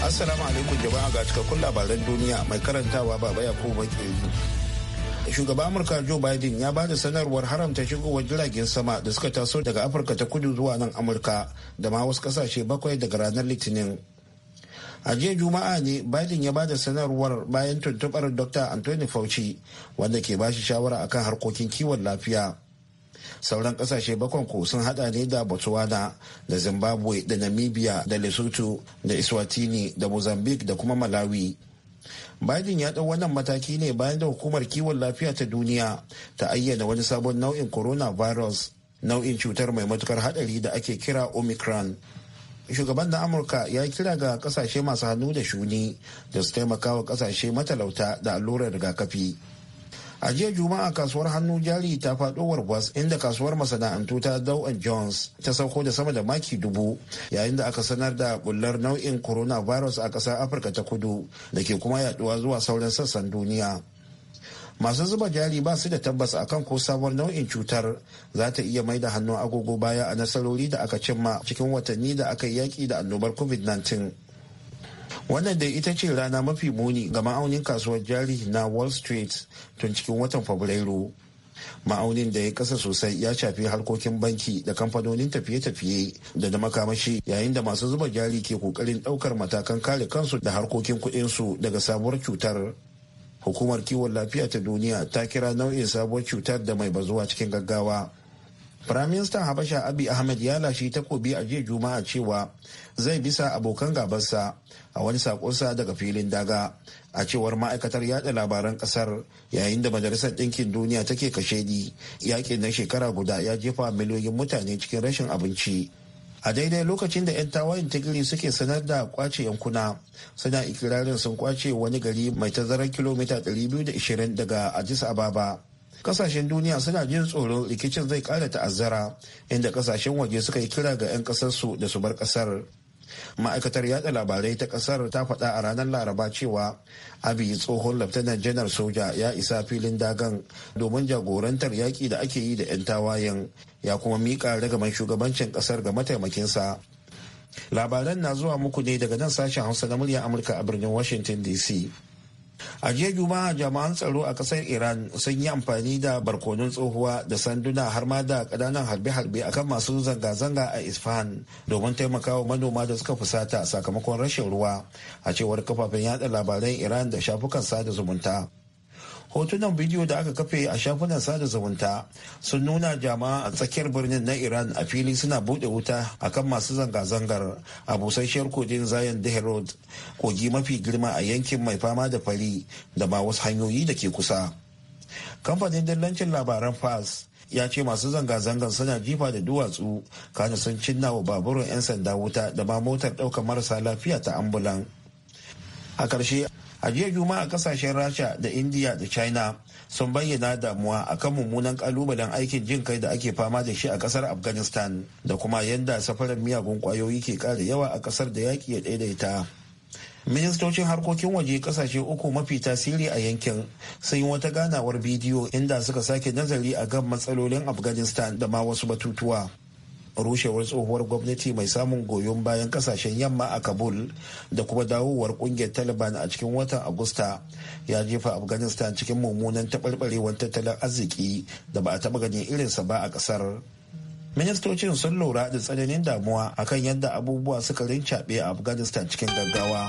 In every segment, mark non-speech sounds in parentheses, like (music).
Assalamu alaikum jama'a ga cikakkun labaran duniya mai karantawa baba ya kuma Shugaban Amurka Joe Biden ya ba da sanarwar haramta shigowar jiragen sama da suka taso daga Afirka ta kudu zuwa nan Amurka da ma wasu kasashe bakwai daga ranar Litinin. A jiya Juma'a ne Biden ya ba da sanarwar bayan tuntubar Dr. Anthony Fauci wanda ke bashi shawara akan harkokin kiwon lafiya. sauran kasashe bakon ku sun hada ne da botswana da zimbabwe da namibia da lesotho da iswatini da mozambique da kuma malawi biden ya ɗau wannan mataki ne bayan da hukumar kiwon lafiya ta duniya ta ayyana wani sabon nau'in coronavirus nau'in cutar mai matukar hadari da ake kira omicron shugaban na amurka ya kira ga kasashe masu hannu da shuni da su taimaka wa kasashe matalauta da allurar rigakafi a jiya juma'a kasuwar hannu jari ta faɗo warwas inda kasuwar masana'antu ta dow jones ta sauko da sama da maki dubu yayin da aka sanar da bullar nau'in coronavirus a ƙasar afirka ta kudu da ke kuma yaduwa zuwa sauran sassan duniya masu zuba jari ba su da tabbas akan ko sabon nau'in cutar za ta iya mai da hannun agogo baya a nasarori da aka cimma cikin watanni da aka yi yaƙi da annobar covid-19 wannan dai ita ce rana mafi muni ga ma'aunin kasuwar jari na wall street tun cikin watan fabrairu ma'aunin da ya kasa sosai ya shafi harkokin banki da kamfanonin tafiye-tafiye da da makamashi yayin da masu zuba jari ke kokarin daukar matakan kare kansu da harkokin kudinsu daga sabuwar cutar hukumar kiwon lafiya ta duniya ta kira nau'in sabuwar cutar da mai bazuwa cikin gaggawa Firaministan Habasha Abi Ahmed ya lashe takobi a jiya Juma'a cewa zai bisa abokan gabansa a wani sakonsa daga filin daga a cewar ma'aikatar yada labaran kasar yayin da majalisar ɗinkin duniya take kashedi yakin na shekara guda ya jefa miliyoyin mutane cikin rashin abinci. a daidai lokacin da 'yan tawayin tigiri suke sanar da kwace yankuna suna ikirarin sun kwace wani gari mai tazarar kilomita 220 daga addis ababa kasashen duniya suna jin tsoron rikicin zai kara ta'azzara inda kasashen waje suka yi kira ga 'yan kasarsu da su bar kasar ma'aikatar yada labarai ta kasar ta faɗa a ranar laraba cewa abi tsohon laftanan janar soja ya isa filin dagan domin jagorantar yaƙi da ake yi da 'yan tawayen ya kuma miƙa ragaman shugabancin kasar ga mataimakinsa labaran na zuwa muku ne daga nan sashen hausa na murya amurka a birnin washington dc a jiya juma'a jami'an tsaro a kasar iran sun yi amfani da barkonon tsohuwa da sanduna har ma da ƙananan harbe-harbe akan masu zanga-zanga a isfahan domin taimakawa manoma da suka fusata sakamakon rashin ruwa a cewar kafafen yada labaran iran da shafukan sada zumunta hotunan bidiyo da aka kafe a shafunan sada zumunta sun nuna jama'a a tsakiyar birnin na iran a fili suna bude wuta akan masu zanga-zangar a busasshiyar kogin zayan Road kogi mafi girma a yankin mai fama da fari da ba wasu hanyoyi da ke kusa kamfanin dillancin labaran fas ya ce masu zanga-zangar suna jifa da duwatsu kana sun cinna wa baburin 'yan sanda wuta da ma motar ɗaukar marasa lafiya ta ambulan a ƙarshe a jiya juma'a kasashen rasha da indiya da china sun bayyana damuwa a kan mummunan kalubalen aikin jin kai da ake fama da shi a kasar afghanistan da kuma yadda safarar miyagun kwayoyi ke kara yawa a kasar da yaki ya daidaita ministocin harkokin waje kasashe uku mafi tasiri a yankin sun yi wata ganawar bidiyo inda suka sake nazari a kan matsalolin afghanistan da ma wasu batutuwa rushewar tsohuwar gwamnati mai samun goyon bayan kasashen yamma a kabul da kuma dawowar kungiyar taliban a cikin watan agusta ya jefa afghanistan cikin mummunan taɓarɓarewar tattalin arziki da ba a taɓa ganin irinsa ba a ƙasar ministocin sun lura da tsananin damuwa akan yadda abubuwa suka rincaɓe a afghanistan cikin gaggawa.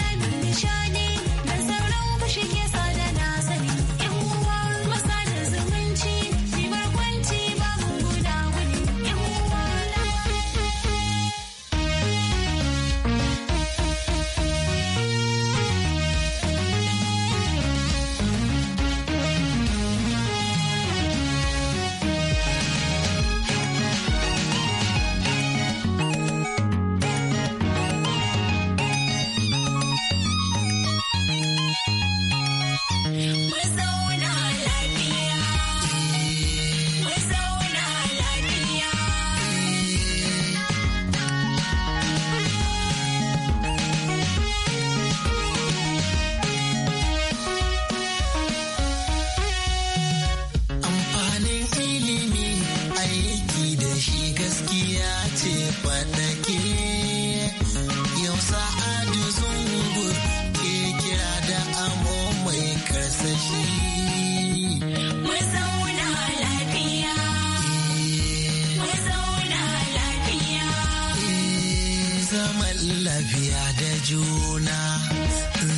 lafiya da juna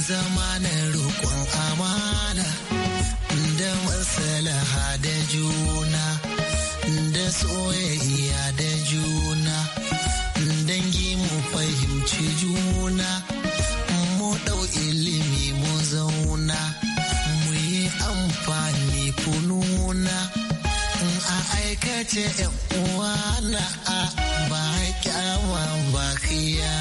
zama na roƙon amana da masalaha da juna da soyayya da juna dangi mu fahimci juna mu ɗau ilimi mu zauna mu yi amfani kununa a aikace uwa na a awan bakiya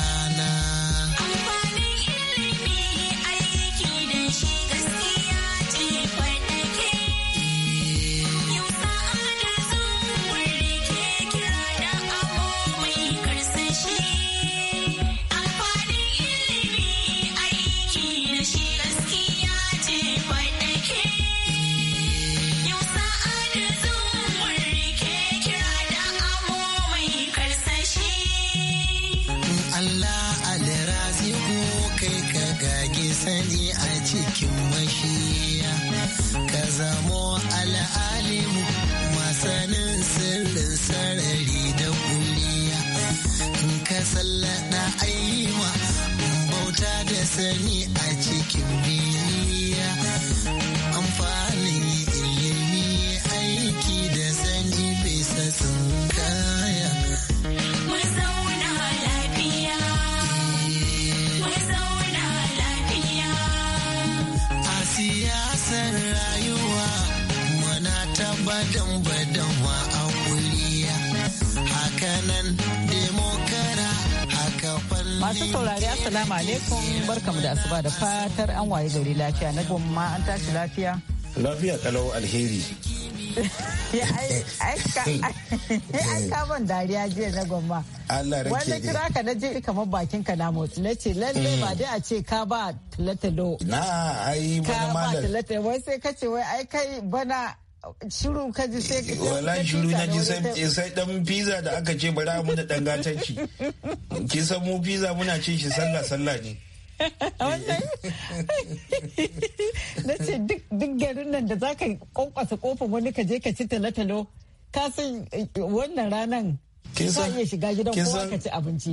masu saurari assalamu alaikum barkamu da asuba da fatar an waye gari lafiya na gomma an tashi lafiya lafiya kalau alheri (laughs) ka ban dariya jiya na gomma wanda kira ka na je kamar bakin ka na motsi na ce lalle hmm. ba dai a ce ka ba talatalo na ai bana malam ka ba talatalo wai sai ka ce wai ai kai bana shiru ka sai ka wala shiru na ji sai dan pizza da aka ce bari mu da dan gatanci ki san mu pizza muna cin shi sallah sallah ne (laughs) na ce duk garin nan da zaka kwankwasa kofin wani ka je ka ci talotalo ka san eh, wannan ranan kin san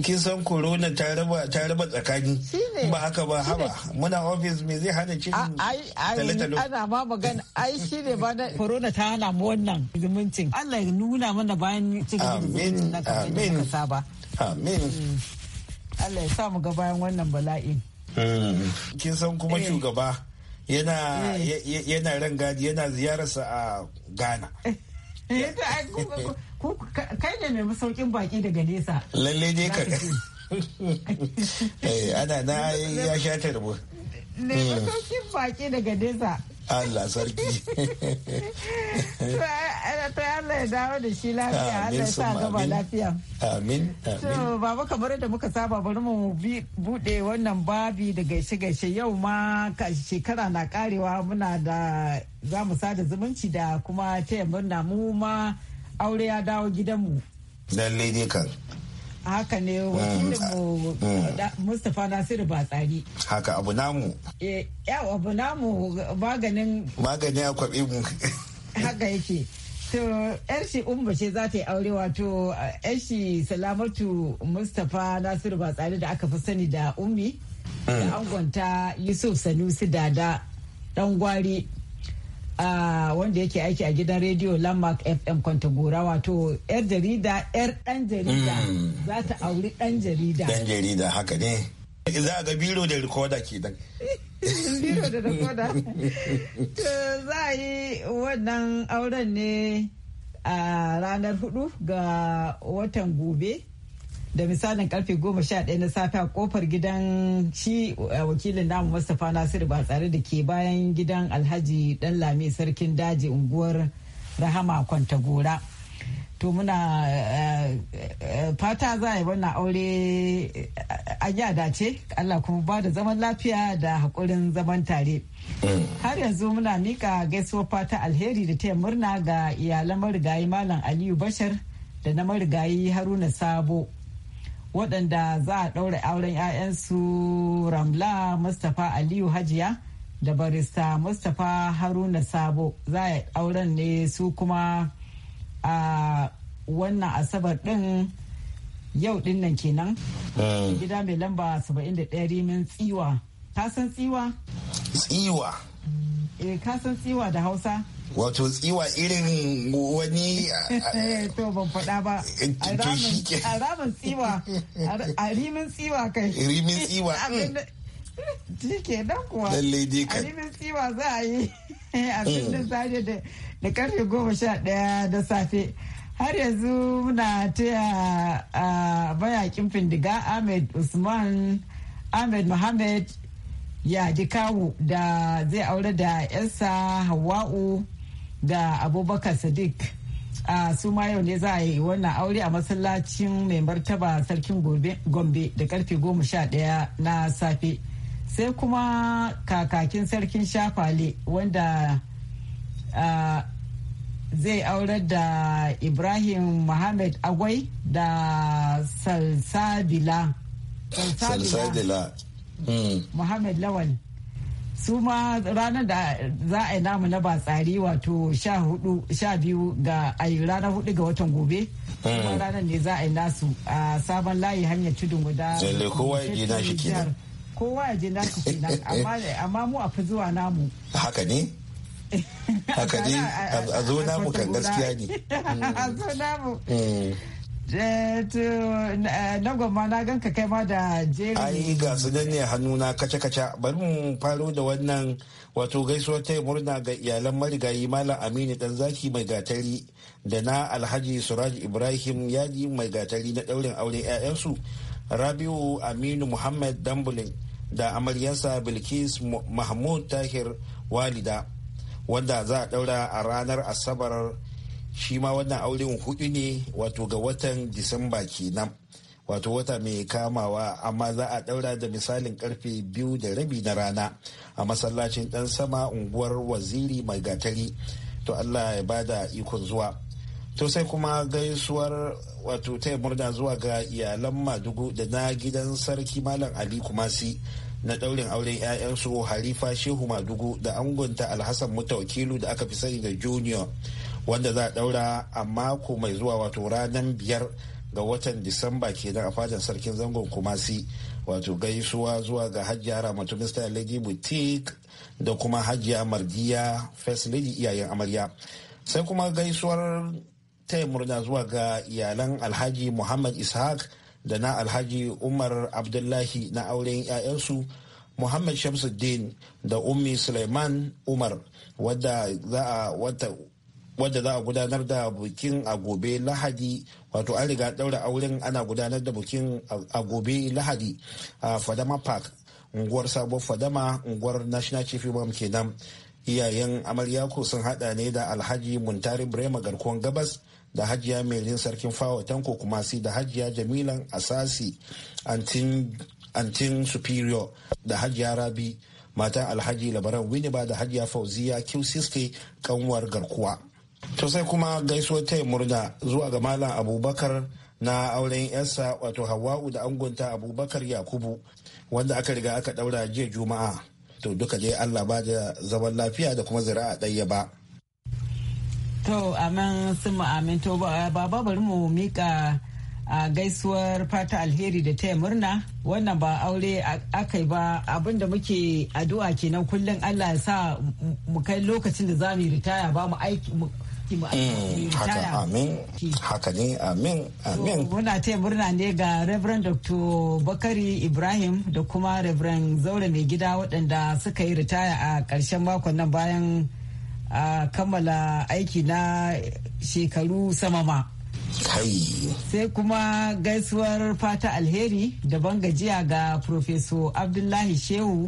kin san corona ta raba ta raba tsakani ba haka ba haba muna office me zai hana cin talotalo ana ba magana ai shine ba na corona ta hana mu wannan zumuncin Allah ya nuna mana bayan cikin zumuncin na kamar yadda saba amin mm. Allah ya sa mu ga bayan wannan bala'in mm. kin san kuma eh. shugaba yana eh. yana gadi yana ziyararsa a Ghana eh. Eh, kai ne mai masaukin baki daga nesa lalle ne ka eh, ana na ya sha tarbo mai hmm. masaukin baki daga nesa Allah sarki. To Allah ya dawo da shi lafiya, Allah ya sa gaba lafiya. Amin. So baba kamar da muka saba bari mu bude wannan babi da gaishe-gaishe yau ma shekara na karewa muna da za mu sada zumunci da kuma taya murna mu ma aure ya dawo gidanmu. Lallai ne kan. haka ne hmm. wakilinmu hmm. mustapha nasiru batsari haka abu namu eh, ya abu namu maganin maganin ya kwabi mu (laughs) haka yake to yar shi umba ce za ta yi aure wato eh, yar shi salamatu mustapha nasiru batsari da aka fi sani da ummi da hmm. angonta yusuf sanusi dada dan gwari wanda yake aiki a gidan rediyo landmark fm kwantagora wato yar jarida yar dan jarida mm. za ta auri dan jarida dan jarida haka ne za a ga biro da rikoda ke dan biro da rikoda To za a yi wannan auren ne a ranar hudu ga watan gobe da misalin karfe goma sha ɗaya na safe a kofar gidan shi eh, wakilin namu mustapha nasiru ba tsare da ke bayan gidan alhaji dan lami sarkin daji unguwar rahama kwantagora to muna eh, eh, fata za a yi wannan aure an yi dace allah kuma ba da zaman lafiya da haƙurin zaman tare har yanzu muna mika gaisuwar fata alheri da taya murna ga iyalan marigayi malam aliyu bashar da na marigayi haruna sabo waɗanda za a ɗaura auren 'ya'yansu ramla mustapha aliyu hajiya da barista mustapha haruna sabo za a auren ne su kuma a wannan asabar ɗin yau ɗin nan kenan eh. gida mai lamba 71 rimin tsiwa san tsiwa tsiwa eh kasan tsiwa da hausa wato tsiwa irin wani eh, to ban faɗa ba eh, a ramin tsiwa a rimin tsiwa kai rimin tsiwa (laughs) mm. shi ke nan kuwa lallai a rimin tsiwa za a yi (laughs) a mm. da safe da karfe goma sha ɗaya da safe har yanzu muna taya a bayakin findiga ahmed usman ahmed mohammed ya kawu da zai aure da yarsa hawa'u da abubakar sadiq a su ma yau ne za a yi wannan aure a masallacin mai martaba sarkin gombe da karfe goma sha daya na safe sai kuma kakakin sarkin shafale wanda zai aurar da ibrahim muhammad agwai da salsabila salsabila muhammad hmm. lawal su ma ranar da za a yi namu na batsari wato sha biyu ga ranar hudu ga watan gobe kuma eh. ranar ne za a yi nasu a sabon layi hanyar tudun guda kowa ya gina shi kenan kowa ya gina shi (laughs) kenan amma mu a fi zuwa namu haka ne (laughs) haka ne (laughs) a zo namu kan gaskiya ne a zo namu na gwamma na ganka kai ma da jeri ai ga su nan ne hannuna kaca bari mu faro da wannan wato gaisuwar ta murna ga iyalan marigayi malam aminu dan zaki mai gatari da na alhaji suraj ibrahim yadi mai gatari na daurin auren 'ya'yansu rabiu aminu muhammad dambulin da amaryarsa bilkis mahmud tahir walida wanda za a ɗaura a ranar asabar shi ma wannan auren hudu ne wato ga watan disamba kenan wato wata mai kamawa amma za a daura da misalin karfe biyu da rabi na rana a masallacin dan sama unguwar waziri mai gatari to allah ya bada ikon zuwa to sai kuma gaisuwar wato ta murna zuwa ga iyalan madugu da na gidan sarki malam ali kumasi na daurin auren 'ya'yansu harifa shehu madugu da angonta alhassan mutawakilu da aka fi sani da junior wanda za a daura a mako mai zuwa wato ranar biyar ga watan disamba kenan a fadar sarkin zangon kumasi wato gaisuwa zuwa ga hajiya ramatu mista lady boutique da kuma hajji margiya first lady iyayen amarya sai kuma gaisuwar taya murna zuwa ga iyalan alhaji muhammad ishaq da na alhaji umar abdullahi na auren 'ya'yansu muhammad shamsuddin da ummi suleiman umar wadda za a wata wadda za a gudanar da bukin a gobe lahadi wato an riga daura auren ana gudanar da bukin a gobe lahadi a fadama park unguwar sabuwar fadama unguwar national chief imam kenan iyayen amarya ko sun hada ne da alhaji muntari brema garkuwan gabas da hajiya melin sarkin fawa tanko kumasi da hajiya jamilan asasi antin superior da hajiya rabi matan alhaji labaran winiba da hajiya fauziya q kanwar garkuwa to sai kuma gaisuwar ta murna zuwa ga malam abubakar na auren yarsa wato hawa'u da angonta abubakar yakubu wanda aka riga aka daura jiya juma'a to duka dai allah ba da zaman lafiya da kuma zira'a ɗaya ba to amin sun amin to baba bari mu mika a gaisuwar fata alheri da taya murna wannan ba aure aka yi ba abinda muke addu'a kenan kullum allah ya sa mu kai lokacin da za mu yi ritaya ba mu aiki Mm, haka amin haka ne amin amin muna taya murna ne ga reverend dr bakari ibrahim da kuma reverend zaure mai gida waɗanda suka yi ritaya a ƙarshen makon nan bayan a kammala aiki na shekaru sama ma sai kuma gaisuwar fata alheri da gajiya ga professor abdullahi shehu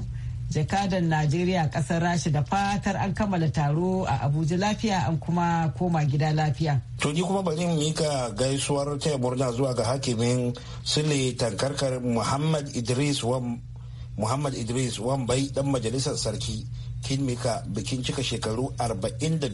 jakadan najeriya kasar rashi da fatar an kammala taro a abuja lafiya an kuma koma gida lafiya to ni kuma bari mu mika gaisuwar taya murna zuwa ga hakimin sule tankarkar muhammad idris wan muhammad idris wambai dan majalisar sarki kinmika bikin cika shekaru 45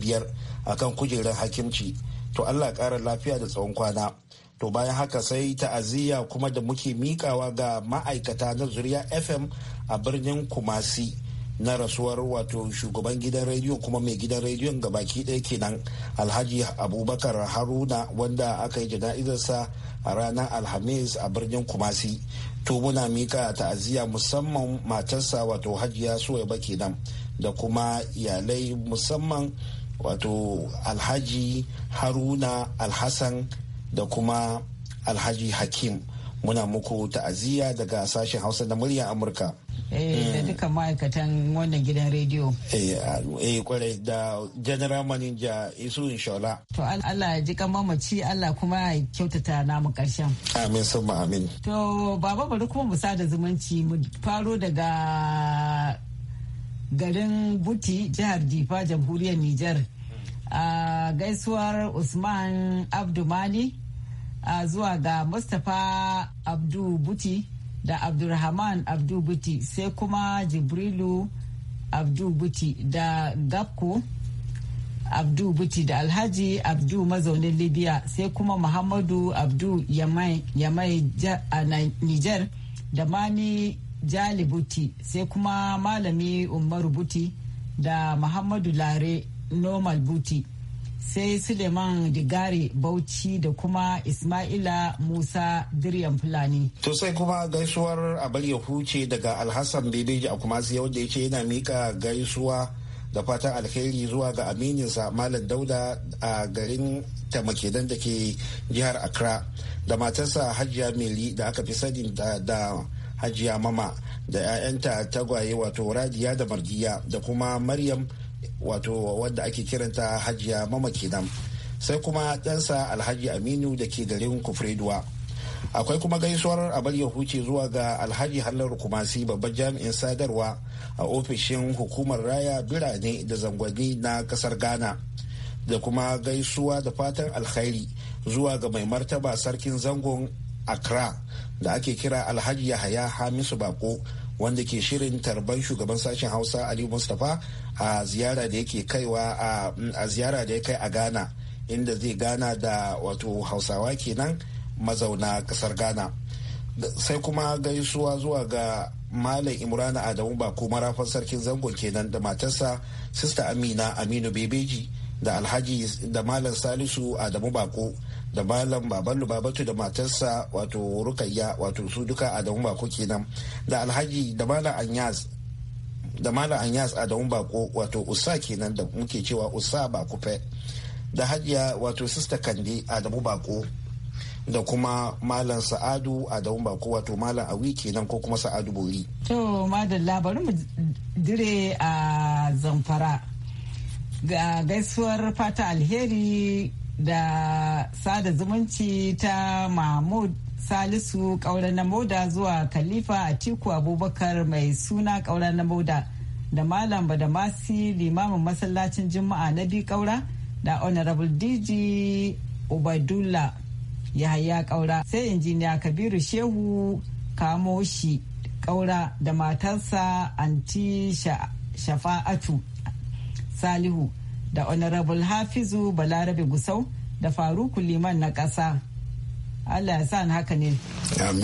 akan kujerar hakimci to allah kara lafiya da tsawon kwana to bayan haka sai ta'aziyya kuma da muke mikawa ga ma'aikata na zuriya fm a birnin kumasi na rasuwar wato shugaban gidan rediyo kuma mai gidan rediyon ga baki ɗaya kenan alhaji abubakar haruna wanda aka yi jana'izarsa a ranar alhamis a birnin kumasi to muna mika ta'aziyya musamman matarsa wato hajiya suwaiba kenan da kuma iyalai musamman wato alhaji haruna alhassan da kuma alhaji hakim muna muku ta'aziyya daga sashen hausa na murya amurka Eh, mm. da duka ma'aikatan wannan gidan rediyo. Eh, ah, eh kwarai da general manager isu inshola. To Allah ya ji mamaci Allah kuma ya kyautata namu karshen. Amin sun amin. To baba bari kuma mu sada zumunci mu faro daga garin Buti jihar Difa jamhuriyar Nijar. A gaisuwar Usman Abdumani zuwa ga Mustapha Abdu Buti. da abdulrahman abdubuti sai kuma jibrilu abdubuti da gabko abdubuti da alhaji abdu mazaunin libya sai kuma muhammadu abdu yamai, yamai ja, a niger da mani buti sai kuma malami umaru buti da muhammadu lare normal buti sai suleiman digare bauchi da kuma ismaila musa diryan fulani to sai kuma gaisuwar abar ya huce daga alhassan bebeji a kuma wanda ya ce yana mika gaisuwa da fatan alheri zuwa ga amininsa malam dauda a garin tamakedan da ke jihar accra da matarsa hajiya meli da aka fi sani da hajiya mama da 'ya'yanta tagwaye wato radiya da mardiya da kuma maryam wato wadda ake kiranta hajiya mama kenan sai kuma ɗansa alhaji aminu da ke garin kufreduwa akwai kuma gaisuwar abar huce zuwa ga alhaji hallar kumasi babban jami'in sadarwa a ofishin hukumar raya birane da zangwani na kasar ghana da kuma gaisuwa da fatan alkhairi zuwa ga mai martaba sarkin zangon accra da ake kira alhaji yahaya hamisu bako wanda ke shirin tarban shugaban sashen hausa ali mustapha a ziyara da yake kaiwa a ziyara da ya kai a ghana inda zai gana da wato hausawa kenan mazauna kasar ghana sai kuma gaisuwa zuwa ga malam imrana adamu bako marafan sarkin zangon kenan da matarsa sista amina aminu bebeji da alhaji da malam salisu adamu bako da malam baban lubabatu da matarsa wato rukayya wato su duka adamu bako kenan da alhaji da malam anyas da malam anyas adamu bako wato usa kenan da muke cewa usa kufe da hajiya wato sista kande adamu bako da kuma malam sa'adu adamu bako wato malam awi kenan ko kuma sa'adu bori to madalla bari mu dire a zamfara ga gaisuwar fata alheri da sada zumunci ta mahmud salisu ƙauren na moda zuwa khalifa tiku abubakar mai suna ƙauren na moda da malam badamasi limamin masallacin juma'a na bi ƙaura da honorable dj ya yahaya ƙaura sai injiniya kabiru shehu kamoshi ƙaura da matarsa anti shafa'atu salihu da honorable hafizu balarabe gusau da faruku liman na ƙasa allah ya sa haka ne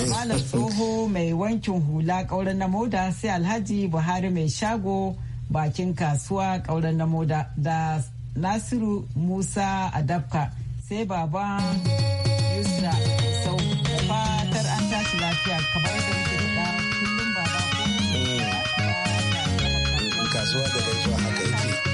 malam tsoho mai wankin hula ƙauren na moda sai alhaji buhari mai shago bakin kasuwa ƙauren na moda da nasiru musa adafka sai baba yusra sau fatar an tashi lafiya kamar da muke da kullum baba mm. kasuwa da gaisuwa haka yake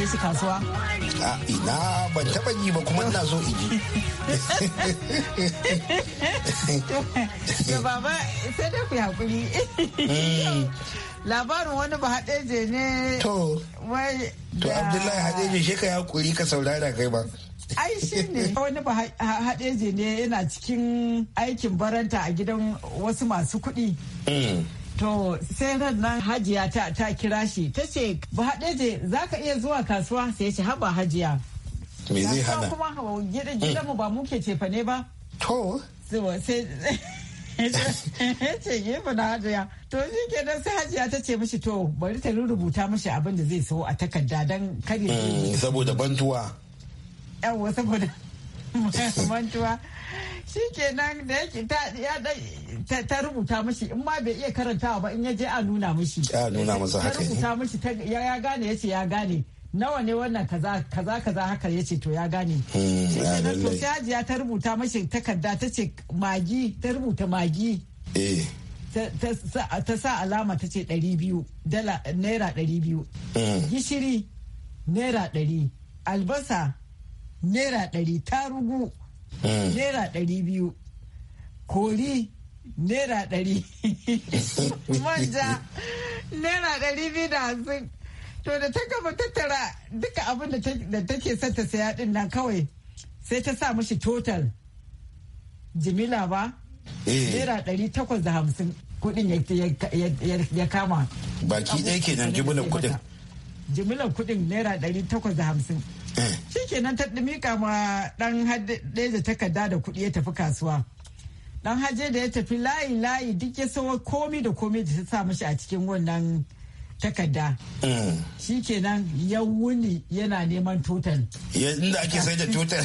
je su kasuwa? A ina ban taɓa yi ba kuma ina so iji. Da baba sai da ku haƙuri. Hmm. Labarin wani ba haɗeje ne. To. To Abdullahi haɗeje shi ka haƙuri ka saurara kai ba. ai shi ne wani ba haɗeje ne yana cikin aikin baranta a gidan wasu masu kuɗi hmm. To sai ran nan hajiya ta ta kira shi ta ce ba haɗe za ka iya zuwa kasuwa sai ce haba hajiya. Me zai hana? Kuma hawa gida mu ba muke cefa ne ba. To. Sai ce (laughs) gefe na hajiya. To shi ke nan sai hajiya ta ce mishi to bari ta rubuta mishi abin da zai so a takarda don kare. Mm, saboda bantuwa. Yawwa saboda (laughs) bantuwa. shi kenan da yake ta ta rubuta mishi in ma bai iya karantawa ba in ya je a nuna mishi ya nuna masa haka ne rubuta mishi ya gane yace ya gane nawa ne wannan kaza kaza kaza haka yace to ya gane hmm, to sai hajiya ta rubuta mishi takarda ta ce magi ta rubuta magi eh ta sa alama ta ce dari biyu dala naira dari biyu hmm. gishiri naira dari albasa naira ta tarugu Mm. naira ɗari biyu kori naira ɗari (laughs) manja naira ɗari biyu da hamsin to da ta gama tattara duka abin da take son ta saya ɗin nan kawai sai ta sa mishi total jimila ba eh. naira ɗari takwas da hamsin kudin ya kama baki ɗaya kenan jimilar kudin jimilar kudin naira ɗari takwas da hamsin shikenan ta mika ma dan da takarda da kuɗi ya tafi kasuwa dan haje da ya tafi layi layi duk ya sawo komi da komi da ta sa mashi a cikin wannan takarda shikenan ya wuni yana neman total inda ake sai da (laughs) total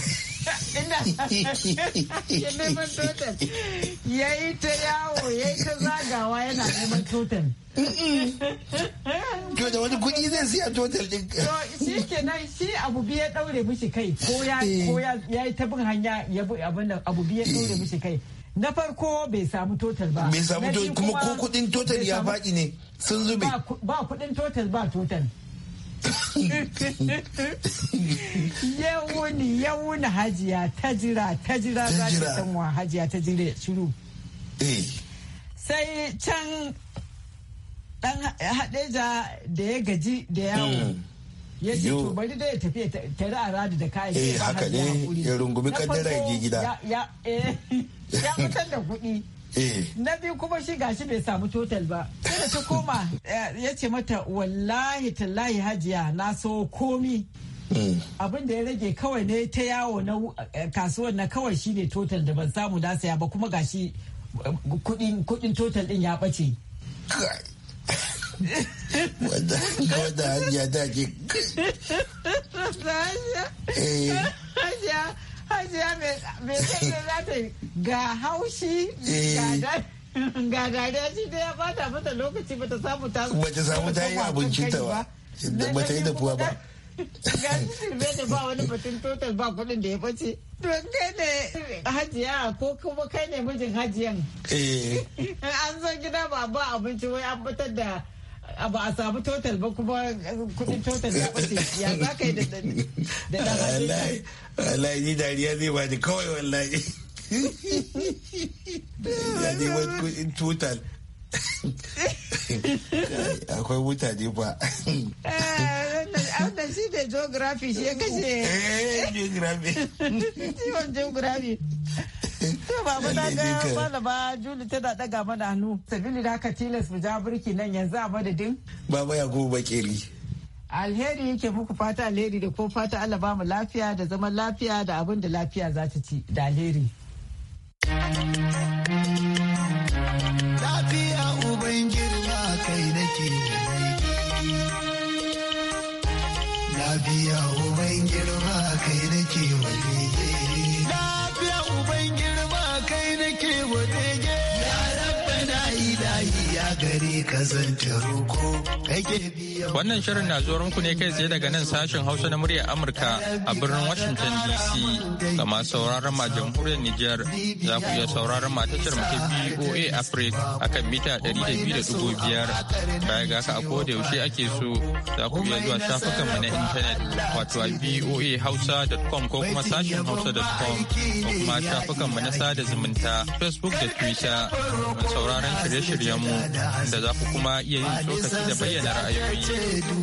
ya yi ta yawo ya yi ta zagawa yana neman total to da wani kuɗi zai siya total din to shi kenan shi abu biya daure mishi kai ko ya eh. ko ya yi ta bin hanya ya bi abin nan abu biya daure eh. mishi kai na farko bai samu total ba bai samu total kuma ko kuɗin total ya faɗi ne sun zube ba kuɗin total ba total (laughs) yawuni yawuni hajiya ta jira ta jira za ta san wa hajiya ta jira shiru eh. sai can dan hadeja da ya gaji da yawo hmm. ya ce to bari da ya tafi tare a radi da kayan eh haka ne ya rungumi kaddara ya gida eh, (laughs) ya fitar da kuɗi eh. na biyu kuma shi gashi bai samu total ba sai ta koma ya ce mata wallahi tallahi hajiya na so komi hmm. abin da ya rage kawai ne ta yawo na eh, kasuwar na kawai shine total da ban samu na saya ba kuma gashi kuɗin total din ya ɓace. wanda wanda hajiya ta eh. ce hajiya mai sai za ta ga haushi ga eh. ga dariya shi da ya bata mata lokaci bata samu ta bata samu ta yi abinci ta ba bata yi da dafuwa ba ga sirbe da ba wani batun total ba kudin da ya bace to kai ne hajiya ko kuma kai ne mijin hajiyan eh. an zo gida ba ba abinci wai an batar da ba a samu total ba kuma eh, kudin total ya kusa ya za ka yi da ɗan hajji wallahi ni dariya zai ba da kawai wallahi ya ne wani kudin total akwai mutane ba eh, wannan shi da geography shi ya kashe eh, geography ciwon (laughs) geography Baba na ga malama Juli tana daga mana hannu. Sabili da haka tilas mu ja burki nan yanzu a madadin. Baba ya gobe keri. Alheri yake muku fata alheri da ko fata Allah ba mu lafiya da zaman lafiya da abin da lafiya za ta ci da alheri. wannan shirin na zuwa muku ne kai tsaye daga nan sashen hausa na murya amurka a birnin washington dc ga masu sauraron ma jamhuriyar Nijar za ku iya sauraron ma tashar mu ta boa africa kan mita 200.5 baya ga ka a koda yaushe ake so za ku iya zuwa shafukan mu na intanet wato a boa hausa.com ko kuma sashen hausa.com ko kuma shafukan mu na sada zumunta facebook da twitter mun sauraron shirye-shiryen mu da za ku kuma iya yin tsokaci da bayyana ra'ayoyi.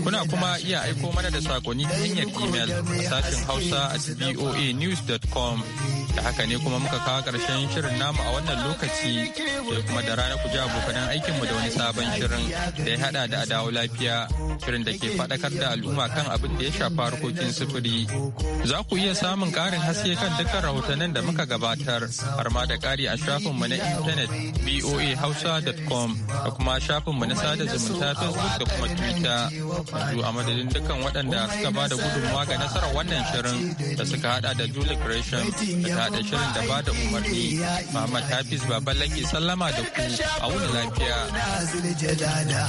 Kuna kuma iya aiko mana da sakonni ta hanyar email a sashen Hausa at voanews.com da haka ne kuma muka kawo ƙarshen shirin namu a wannan lokaci sai kuma da rana ku ji abokanan aikinmu da wani sabon shirin da ya hada da adawo lafiya shirin da ke faɗakar da al'umma kan abin da ya shafa harkokin sufuri za ku iya samun ƙarin haske kan dukkan rahotannin da muka gabatar har ma da ƙari a shafinmu na intanet voahausa.com da kuma shafinmu na sada zumunta facebook da kuma twitter yanzu a madadin dukkan waɗanda suka ba da gudunmawa ga nasarar wannan shirin da suka hada da julie creation da da shirin da bada umarni Muhammad Hafiz Baballe ke sallama da ku a wuni lafiya.